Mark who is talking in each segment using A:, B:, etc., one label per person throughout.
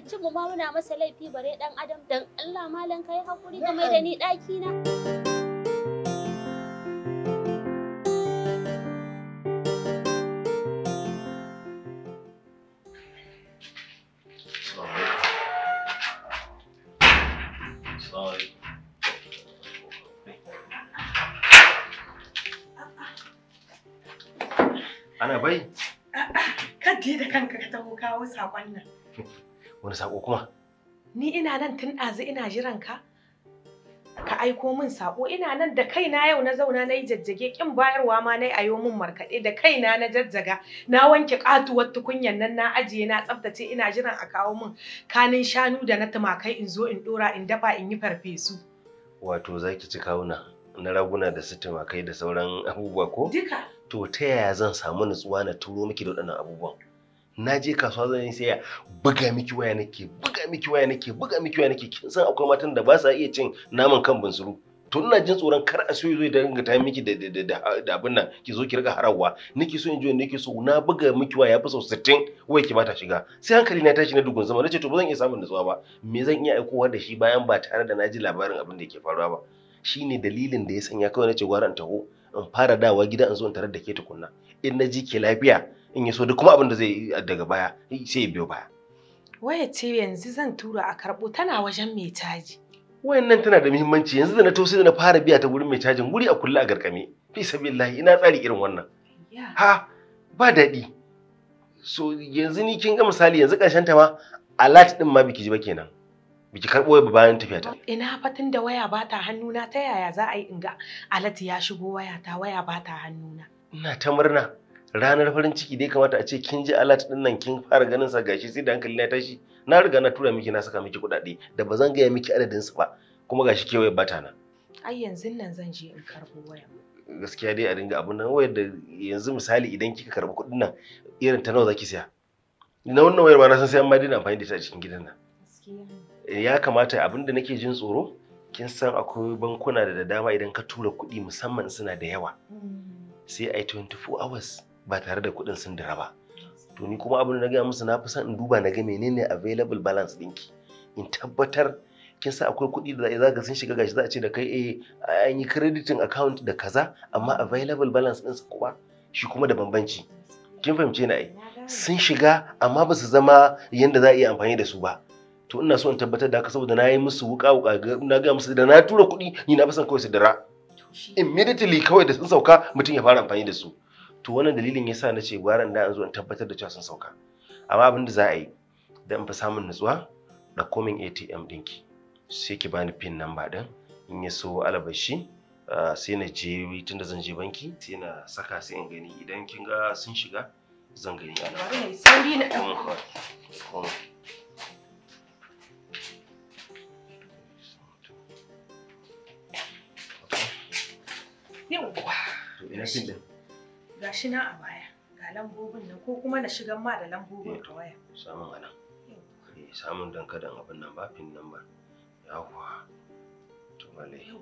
A: halicci mu ma muna masa laifi bare dan adam dan Allah malam kai hakuri da mai da ni daki na
B: Ana bai?
C: A'a, kan da kanka ka taho kawo sakonnan. nan.
B: Wani sako kuma?
C: Ni ina nan tun ɗazu ina jiran ka. Ka aiko min sako ina nan da kaina yau na zauna na yi jajjage kin bayarwa ma na yi ayo min markaɗe da kaina na jajjaga na wanke katuwar tukunyan nan na ajiye na tsaftace ina jiran a kawo min kanin shanu da na tumakai in zo in ɗora in dafa in yi farfesu.
B: Wato zaki ci kawuna na raguna da su tumakai da sauran abubuwa ko? To ta yaya zan samu nutsuwa na turo miki da waɗannan abubuwan? na je kasuwa zan yi saya buga miki waya nake buga miki waya nake buga miki waya nake kin san akwai matan da ba sa iya cin naman kan bunsuru to ina jin tsoron kar a soyo zai dinga ta miki da abin nan ki zo ki rika harawa nake so in ji nake so na buga miki waya fi sau 60 wai ki bata shiga sai hankali na tashi na dugun zama nace to ba zan iya samun nutsuwa ba me zan iya aikowa da shi bayan ba tare da na ji labarin abin da ke faruwa ba shine dalilin da ya sanya kawai nace gwara in taho in fara dawa gida in zo in tarar da ke tukunna in na ji ke lafiya in ya so duk kuma abin da zai yi daga baya sai ya biyo baya
C: waya ce yanzu zan tura a karɓo tana wajen mai caji
B: wayannan tana da muhimmanci yanzu da na to sai na fara biya ta gurin mai cajin guri a kulle a garkame fi sabillahi ina tsari irin wannan ha ba daɗi so yanzu ni kin ga misali yanzu ƙarshen ta ma alert din ma biki ji ba kenan biki karɓo ba bayan tafiya ta
C: ina fatan da waya ba ta hannuna ta yaya za a yi in ga alat ya shigo waya ta waya ba ta hannuna
B: ina ta murna ranar farin ciki dai kamata a ce kin ji alert din nan kin fara ganin sa gashi sai da hankali na tashi na riga na tura miki na saka miki kudade da ba zan gaya miki adadin su ba kuma gashi kewaye bata na
C: ai yanzu nan zan je in karbo waya
B: gaskiya dai a dinga abun nan wayar da yanzu misali idan kika karbi kuɗin nan irin ta nawa zaki saya? na wannan wayar ba na san sai an ma dina amfani da ita a cikin gidan nan eh, ya kamata abin da nake jin tsoro kin san akwai bankuna da dama idan ka tura kuɗi musamman suna da yawa mm. sai ai 24 hours ba tare da kuɗin sun dira ba to ni kuma abin da na gaya musu na fi son in duba na ga menene available balance dinki in tabbatar kin sa akwai kuɗi da za ka sun shiga gashi za a ce da kai eh an yi crediting account da kaza amma available balance ɗinsa kuma shi kuma da bambanci kin fahimce na ai sun shiga amma ba su zama yadda za a iya amfani da su ba to ina so in tabbatar da haka saboda na yi musu wuka wuka na ga musu da na tura kuɗi ni na fi son kawai su dira immediately kawai da sun sauka mutum ya fara amfani da su to wannan dalilin yasa na ce gwaran da an zo in tabbatar da cewa sun sauka amma abin da za a yi da in fa samun nutsuwa da komin atm ɗinki sai ki bani pin number din in ya so alabashi ah, sai na je tunda zan je banki sai na saka sai in gani idan kin ga sun shiga zan gani ana na to ina
C: gashi na a baya ga lambobin nan ko kuma na shigan ma da lambobin a waya
B: samun anan eh, samun dan kadan abin nan ba pin number ya kuwa to malai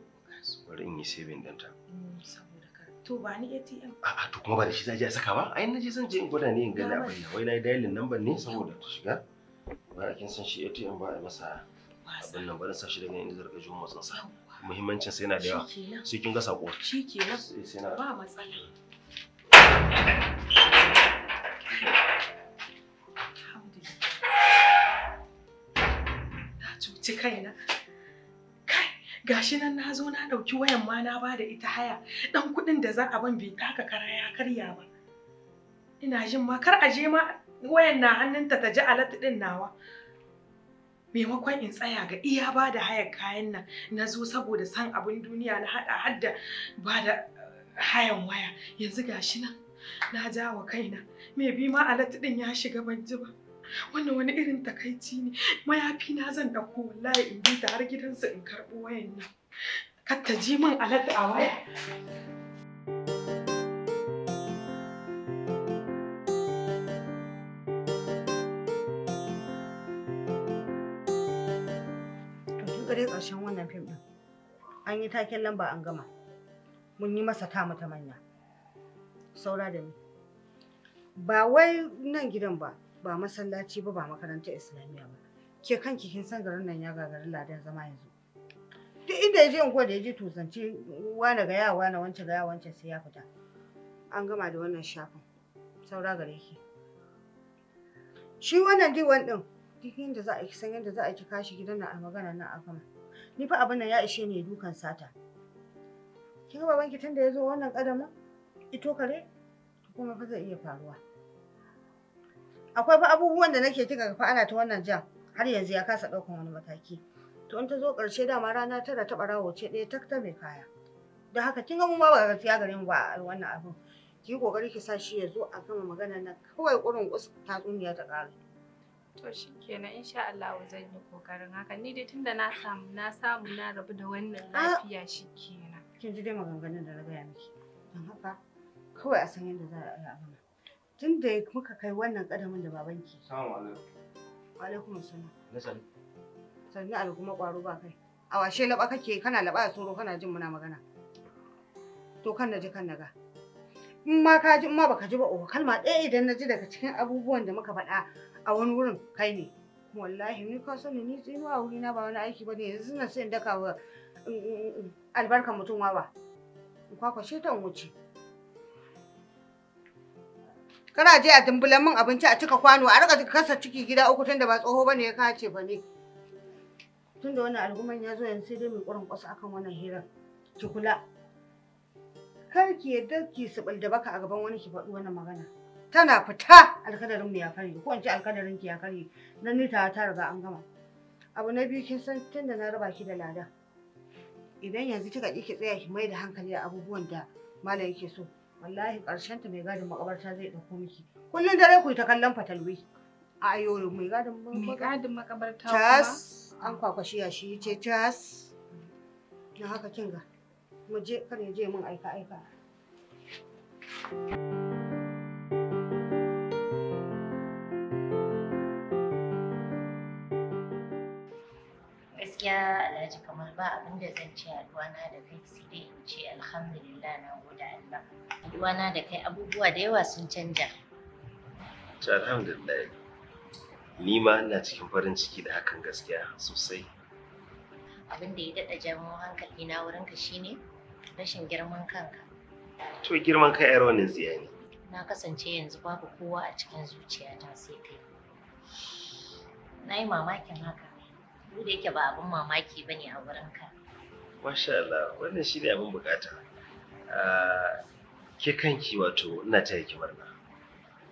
B: bari in yi saving din ta mm, saboda
C: ka to ba ni ATM a
B: to kuma ba da shi zaje a saka ba ai naje zan je in gwada ne in gani abin nan wai na yi dialing number ne saboda ta shiga ba a kin san shi ATM ba a masa abin nan bari sa shi daga inda zarga juma'a tsansa muhimmancin sai na da yawa sai kin ga sako shikenan sai na ba matsala mm.
C: cuci kaina kai gashi nan na zo na ɗauki wayan ma na bada ita haya ɗan kuɗin da za a ban bai taka kara ya karya ba ina jin ma kar a je ma wayan na hannunta ta ji alat ɗin nawa maimakon in tsaya ga iya ba da kayan nan na zo saboda san abin duniya na hada hadda bada eh, hayan waya yanzu gashi nan na ja wa kaina me bi ma alat ɗin ya shiga ban ji ba wannan wani irin takaici ne mayafi na zan dauko wallahi in bi ta har gidansu in karɓo wayan nan kar ta ji min alat a waya
D: dai ƙarshen wannan fim ɗin an yi taken lamba an gama mun yi masa ta manya saura da ni ba wai nan gidan ba ba masallaci ba ba makarantar islamiyya ba ke kanki kin san garin nan ya gagari ladan zama yanzu duk inda ya je unguwa da ya je to zance wani ga yawa na wancan ga yawa sai ya fita an gama da wannan shafin saura gare ki shi wannan diwan din duk yadda za a ki san yadda za a ki kashi gidan nan a magana nan a gama ni fa abin nan ya ishe ne dukan sata kin ga babanki tunda ya zo wannan kadamin ito kare kuma fa zai iya faruwa akwai ba abubuwan da nake kika fa ana ta wannan jiya har yanzu ya kasa ɗaukan wani mataki to in ta zo ƙarshe dama rana tara ta ɓarawo ce ɗaya ta mai kaya da haka kin ga mu ma ba gaskiya gare ba a wannan abin ki kokari ki sa shi ya zo a gama magana nan kawai ƙurin tatsuniya ta ƙare to shikenan insha
A: Allah zan yi kokarin haka ni dai tunda na samu na samu na rabu da wannan ah! lafiya
D: shikenan kin ji dai maganganun da na gaya miki don haka kawai a san yadda za a yi mana. tun da muka kai wannan kadamin da babanki salamu alaikum alaikum salam na sani. sannu al kwaro ba kai a washe laba kake kana laba a tsoro kana jin muna magana to kan naji kan naga in ma ka ji in ma baka ji ba o oh, kalma ɗaya idan na ji daga cikin abubuwan da muka faɗa a wani wurin kai ne wallahi ni ka sani ni tsinuwa a wurina ba wani aiki ba yanzu na sai in daka albarkar mutum wawa in kwakwashe ta in wuce Kana je a dumbulan min abinci a cika kwano a rika kasa ciki gida uku tunda ba tsoho bane ya kace ba ne. Tunda wannan alhuman ya zo yanzu sai dai mai ƙurin ƙwasa akan wannan hirar. Ki kula. Kar ki yadda ki subul da baka a gaban wani ki faɗi wannan magana. Tana fita alkadarin mu ya karye ko in ce alkadarin ki ya karye nan ni ta ta riga an gama. Abu na biyu kin san tunda na raba ki da lada. Idan yanzu kika ki tsaya ki mai da hankali a abubuwan da malam yake so wallahi karshen ta mai gadin makabarta zai dauko miki kullun dare ku ta kallon fatalwi ayo mai gadin mai gadin makabarta tas an kwakwashi ya shi ce tas na haka ga mu je kar ya je mun aika aika Thank you.
E: ji kamar ba abin da zan ce haɗuwana da kai sai dai in ce alhamdulillah na gode Allah haɗuwana da kai abubuwa da yawa sun canja
B: to alhamdulillah ni ma ina cikin farin ciki da hakan gaskiya sosai
E: abin da ya daɗa jamo hankali na wurinka shine rashin girman kanka
B: to girman kai yar wannan ziya ne
E: na kasance yanzu babu kowa a cikin zuciyata sai kai na yi mamakin haka ko da yake ba abin mamaki bane a wurinka
B: masha Allah wannan shi ne abin bukata ah, ke kanki wato ina taya ki murna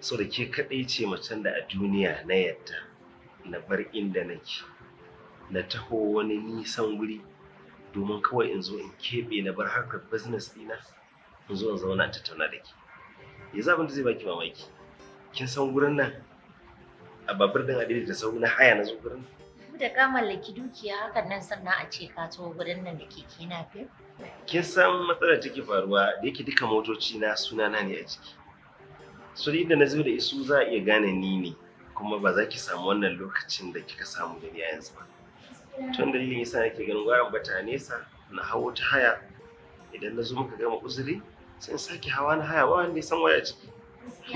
B: so da ke kaɗai ce macen da a duniya na yadda na bar inda nake na taho wani nisan wuri domin kawai in zo in keɓe na bar harkar business ɗina in zo in zauna tattauna da ke yanzu abin da zai baki mamaki kin san gurin nan a babur din adili da sauri na haya na zo gurin nan
E: da ka mallaki dukiya hakan nan sannan a ce ka zo gurin nan da ke kina fi?
B: Kin san matsalar take faruwa da yake duka motoci na sunana ne a ciki. So da na zo da isu za a iya gane ni ne kuma ba za ki samu wannan lokacin da kika samu da ni yanzu ba. Tun dalilin yasa nake ganin gwaran bata nesa na hawo ta haya idan na zo muka gama uzuri sai in sake hawa na haya ba wanda ya san waya ciki.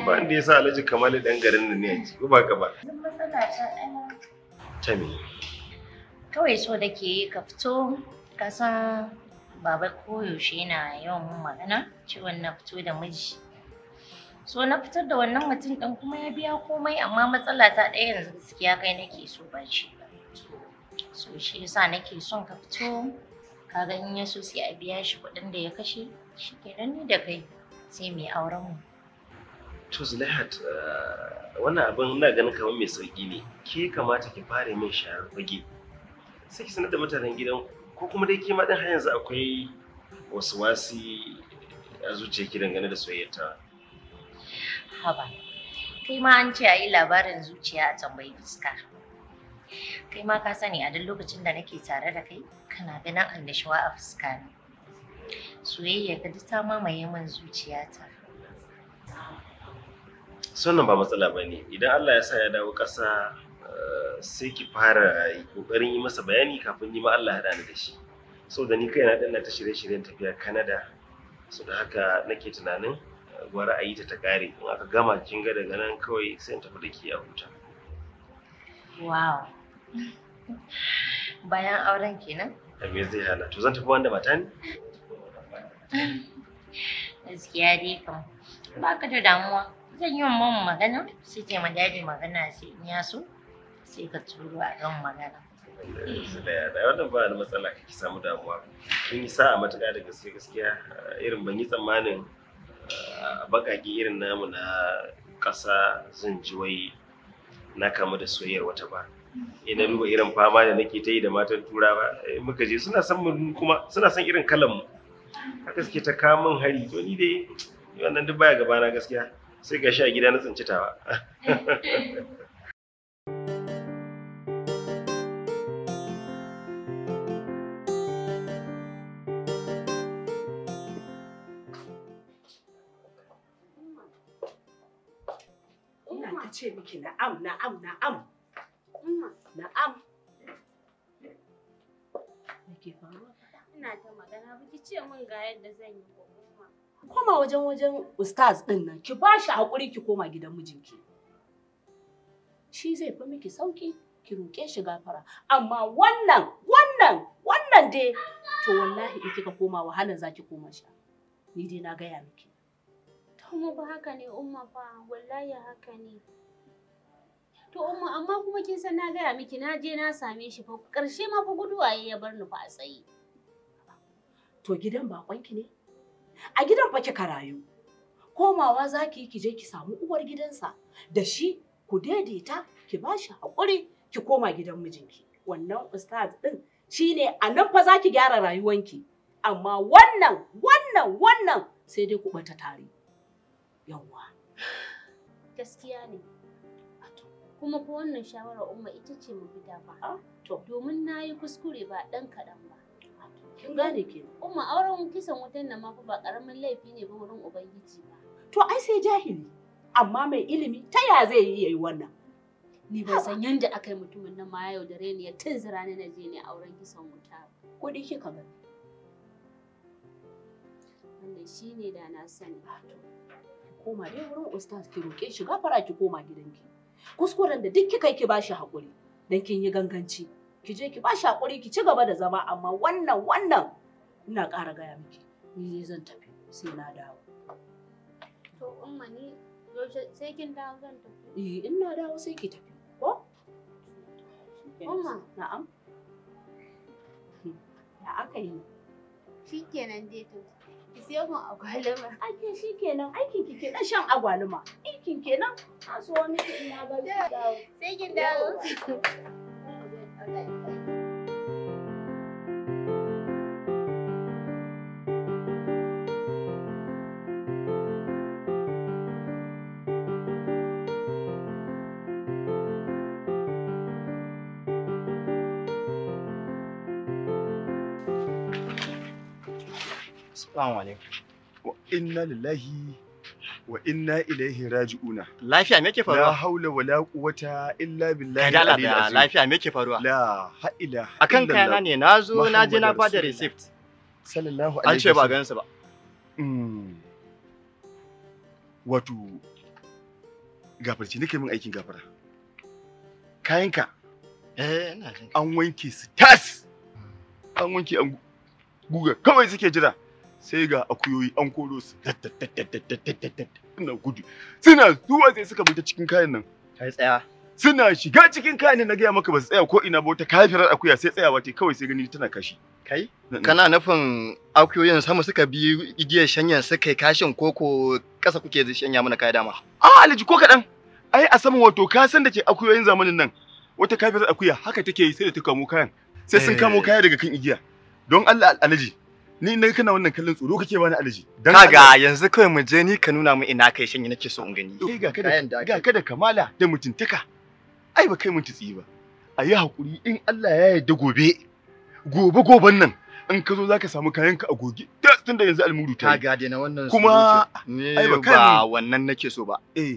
B: Ba wanda ya sa alhaji kamar dan garin nan ne a ciki ba ka ba. Matsala
E: kawai so da ke ka fito ka san baba koyaushe na yawan mun magana cewa na fito da miji so na fitar da wannan mutum ɗin kuma ya biya komai amma matsala ta ɗaya yanzu gaskiya kai nake so ba shi ba so shi yasa nake son ka fito kaga in ya so sai a biya shi kuɗin da ya kashe shi kenan ni da kai sai mu auren mu
B: to zulaihat eh, wannan abin ina ganin kamar mai sauki ne ke kamata ki fara min sharar fage sai sanar da mutanen gidan ko kuma dai ke ma din har yanzu akwai wasu wasi a ki dangane da soyayyarta
E: haba kai ma an ce a yi labarin zuciya a tambayi fuska kai ma ka sani a duk lokacin da nake tare da kai kana ganin annashuwa a fuska ne soyayya ka duk ta mamaye min zuciyata
B: sannan ba matsala ba ne idan allah ya sa ya dawo ƙasa sai ki fara kokarin yi masa bayani kafin yi ma Allah ya d'ani da shi so da ni kai na dinna ta shirye-shiryen tafiya Canada so da haka nake tunanin eh, gwara a yi ta ta kare in aka gama kin ga daga nan kawai sai ta tafi da ki a huta
E: wow bayan auren kenan
B: da eh, me zai hana to zan tafi wanda mata ne
E: gaskiya dai kam ba ka da damuwa zan yi wa mamma magana sai ta ma daji magana sai in ya so sai ka turo a kan magana
B: da wannan ba da matsala kake samu damuwa kin yi sa'a matuƙa da gaske gaskiya irin ban yi tsammanin ah, baƙaƙe irin namu na ƙasa zan ji wai na kamu da soyayyar wata ba ina duba irin fama da nake ta yi da matan turawa eh, muka je suna son mu kuma suna son irin kalan mu haka suke ta kawo min hari to ni dai wannan duk baya gabana gaskiya sai ga sha gida na tsinci tawa
F: ce miki na'am na'am na'am. Na'am. Me ke faruwa?
A: Ina ta magana ba ce min ga yadda zan yi ko kuma.
F: Koma wajen wajen ustaz din nan ki ba shi haƙuri ki koma gidan mijinki. Shi zai fi miki sauki ki roƙe shi gafara amma wannan wannan wannan dai to wallahi in kika koma wahalar zaki koma sha. Ni dai na gaya miki.
A: Kuma ba haka ne umma fa wallahi haka ne. To umma amma kuma kin san na gaya miki na je na same shi fa karshe ma fa guduwa ya bar ni fa a tsaye.
B: To
F: gidan bakonki ne? A gidan fa kika rayu. Komawa zaki yi ki je ki samu uwar gidansa da shi ku daidaita ki ba shi haƙuri ki koma gidan mijinki. Wannan ustaz ɗin shi ne a nan fa za ki gyara rayuwanki. Amma wannan wannan wannan sai dai ku bata tare. Yawwa.
A: Gaskiya ne. Kuma ko wannan shawarar umma ita ce mu bi ba. Ah,
F: to. Domin
A: na kuskure ba dan kaɗan ba. Ah, Kin gane ke. Umma auren kisan wutan nan ma fa ba karamin laifi ne ba wurin Ubangiji ba.
F: To ai sai jahili. Amma mai ilimi ta ya zai yi yayi wannan? Ni ban san yanda aka mutumin nan ma ya
A: yaudare ni ya tunzura ni na je ne auren kisan wuta. Kuɗi kika bari. Wannan shine da na sani. Ah,
F: koma dai wurin ustaz ki roƙe shi gafara ki koma gidanki kuskuren da duk kika ki bashi haƙuri dan kin yi ganganci ki je ki bashi haƙuri ki ci gaba da zama amma wannan wannan ina ƙara gaya miki ni ne zan tafi sai na dawo
A: to umma ni sai kin dawo zan tafi
F: eh ina dawo sai ki tafi ko umma na'am ya aka yi shikenan dai to siyo min agwaluma. Ake shi kenan aikin ki kenan shan agwaluma. Aikin kenan. Na so ina ba. Sai kin dawo.
G: Assalamu alaikum. Wa inna lillahi wa inna ilaihi raji'una. Lafiya me ke faruwa? La haula wala quwwata illa billahi al-ali azim. Lafiya me ke faruwa? La ha ila. Akan kayana ne nazo na je na bada receipt. Sallallahu alaihi wasallam. An ce ba gansu ba. Mm. Wato gafarci nake min aikin gafara. Kayanka. Eh ina jin. An wanke su tas. An wanke an guga kawai suke jira. sai ga akuyoyi an koro su suna gudu suna zuwa sai suka bi ta cikin kayan nan kai tsaya suna shiga cikin kayan nan na gaya maka ba su tsaya ko ina ba wata kafirar akuya sai tsayawa ta kawai sai gani tana kashi kai kana nufin akuyoyin sama suka bi igiyar shanya suka yi kashin koko kasa kuke shanya mana kai dama a aliji ko kaɗan ai a saman wato ka san da ke akuyoyin zamanin nan wata kafirar akuya haka take yi sai da ta kamo kayan sai sun kamo eh. kaya daga kan igiya don Allah alhaji ni na kana wannan kallon tsoro kake bani alaji dan kaga yanzu kawai mu je ni ka nuna mu ina kai shanye nake so in gani ga ka da ga ka da kamala da mutuntaka ai ba kai mututsi ba a yi hakuri in Allah ya yarda gobe gobe goben nan in ka zo zaka samu kayan ka a goge tun da yanzu almuru ta ga da na wannan kuma ai ba ba wannan nake so ba eh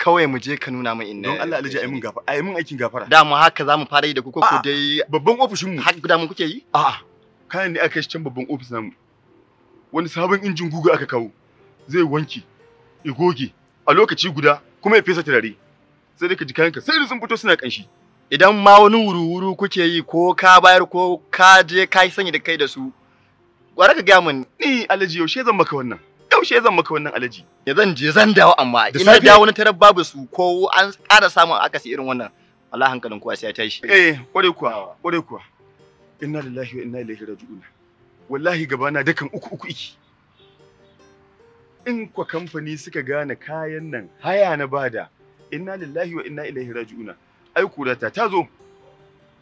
G: kawai mu je ka nuna mu inna don Allah alaji ai mun gafara ai mun aikin gafara da mu haka zamu fara yi da ku ko dai babban ofishin mu haka da mu kuke yi a'a kayan ne aka shi can babban ofis namu wani sabon injin gugu aka kawo zai wanki ya goge a lokaci guda kuma ya fesa turare sai dai ka ji kayanka sai sun fito suna kanshi idan ma wani wuru-wuru kuke yi ko ka bayar ko ka je ka yi sanya da kai da su gwara ka gaya min ni alaji yaushe zan maka wannan yaushe zan maka wannan alaji ya zan je zan dawo amma ina dawo na tarar babu su ko an ƙara samun akasi irin wannan Allah hankalin kuwa sai ya tashi eh kware kuwa kware kuwa inna lillahi wa inna ilaihi raji'un wallahi gabana dukan uku uku iki in kwa kamfani suka gane kayan nan haya na bada inna lillahi wa inna ilaihi raji'un ai kurata ta zo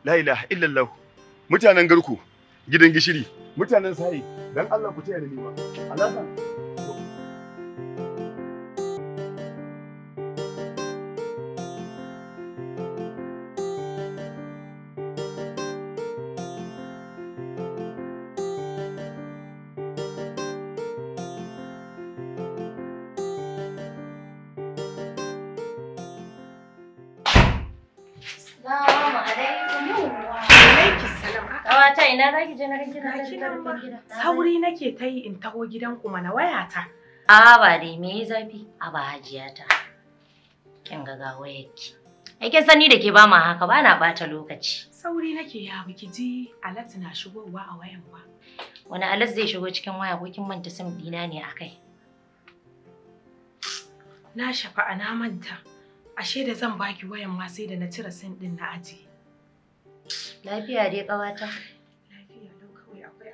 G: la ilaha illallah mutanen garku gidan gishiri mutanen sai dan Allah ku taya ni ma alasan
E: Mata ina za ki je na gida? Sauri nake ta yi in taho gidan kuma na wayata. A ba dai me yi zafi a ba hajiya Kin ga ga wayarki. Ai kin sani da ke ba ma haka ba na bata lokaci.
C: Sauri nake ya biki ji Alat na shigowa a wayan ba.
E: Wani Alat zai shigo cikin waya ko kin manta sim dina ne akai?
C: Na shafa na manta. Ashe da zan baki wayan ma sai da na cire sim din na aji.
E: Lafiya dai ƙawata.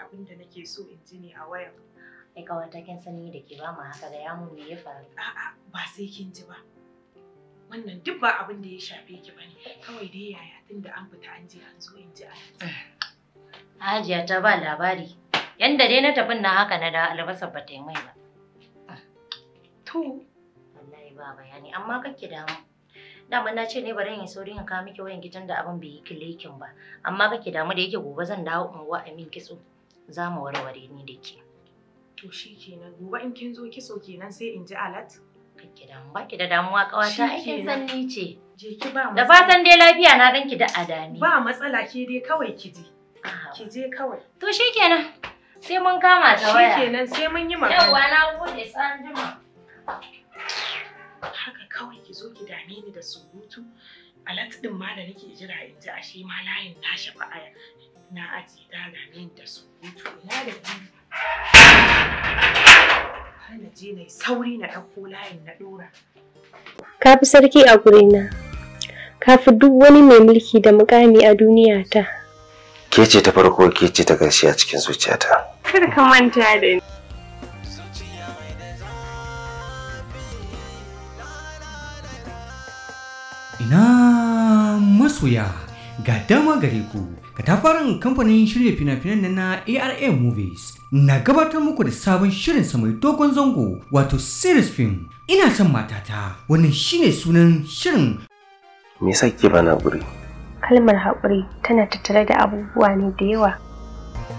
E: abin da nake so in ji ne a wayan. Ai kawata kin sani da ke ba mu haka da yamu me ya faru? A'a ba sai kin ji ba. Wannan duk ba abin da ya shafe ki bane. Kawai dai yaya tunda an fita an je an zo in ji an. Hajiya ta ba labari. Yanda dai na tafin na haka na da albasar ba ta yi mai ba. To. Wallahi ba bayani amma kake damu. dama na ce ne bari in sauri in kawo miki wayan gidan da abin bai yi kilekin ba amma kake damu da yake gobe zan dawo unguwa a min kitso za mu warware ni da ke.
C: To shi kenan gobe in kin zo kitso kenan sai in ji alat? Kake da ba ki
E: da damuwa kawata aikin sanni ce. Je ki ba Da fatan dai lafiya na ganki da adani. Ba matsala ke dai kawai ki je. Ki je kawai. To shi kenan. Sai mun kama ta waya. Shi kenan sai mun yi magana. Yawwa na gode tsan jima.
C: Haka kawai ki zo ki dame ni da surutu. Alat din ma da nake jira in ji ashe ma layin tashi ba aya. na aji ta da su
A: da je mai sauri na ɗauko layin na ɗora. Ka fi sarki a gurina, ka fi duk wani mai mulki da mukami a duniya ta.
B: Ke ce ta farko ke ce ta ƙarshe a cikin zuciyata.
A: Kar ka manta
B: da ni.
E: Ina masoya. ga
D: dama gare ku katafaren kamfanin shirya fina-finan na ARA Movies na gabatar muku da sabon shirin sa mai dogon zango wato series film ina son matata
B: wannan shine
D: sunan shirin
B: me yasa ke bana guri
C: kalmar
D: haƙuri
A: tana tattare da abubuwa ne da yawa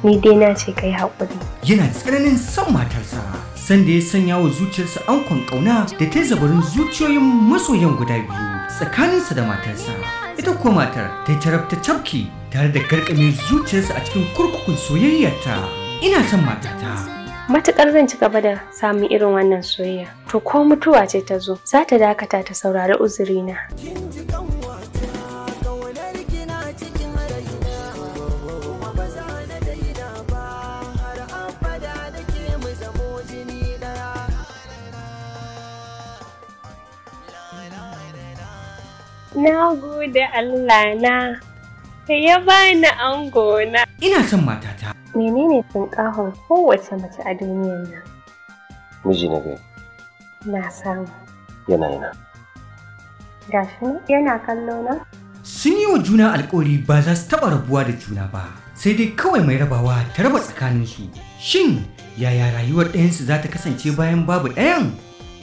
A: ni dai na ce kai haƙuri
B: yana
D: tsananin son matarsa sanda ya sanya wa zuciyarsa ankon ƙauna da ta zabarin zuciyoyin masoyan guda biyu tsakaninsa da matarsa ita kuwa matar ta yi taraf ta cafki tare da garkame zuciyarsa a cikin kurkukun soyayyarta ina son matata
A: matukar zan ci gaba da samun irin wannan soyayya to ko mutuwa ce ta zo za ta dakata ta saurari uzurina. Na gode Allah na, ka ya bani ango na. Ina
D: son matata.
A: Menene tunƙahon kowace mace a duniyar nan? Miji na gai. Na samu. Yana yana. Gashi yana kallo na?
D: Sun yi wa juna alƙawari ba za su taɓa rabuwa da juna ba, sai dai kawai mai rabawa ta raba tsakaninsu. Shin yaya rayuwar ɗayansu za ta kasance bayan babu ɗayan?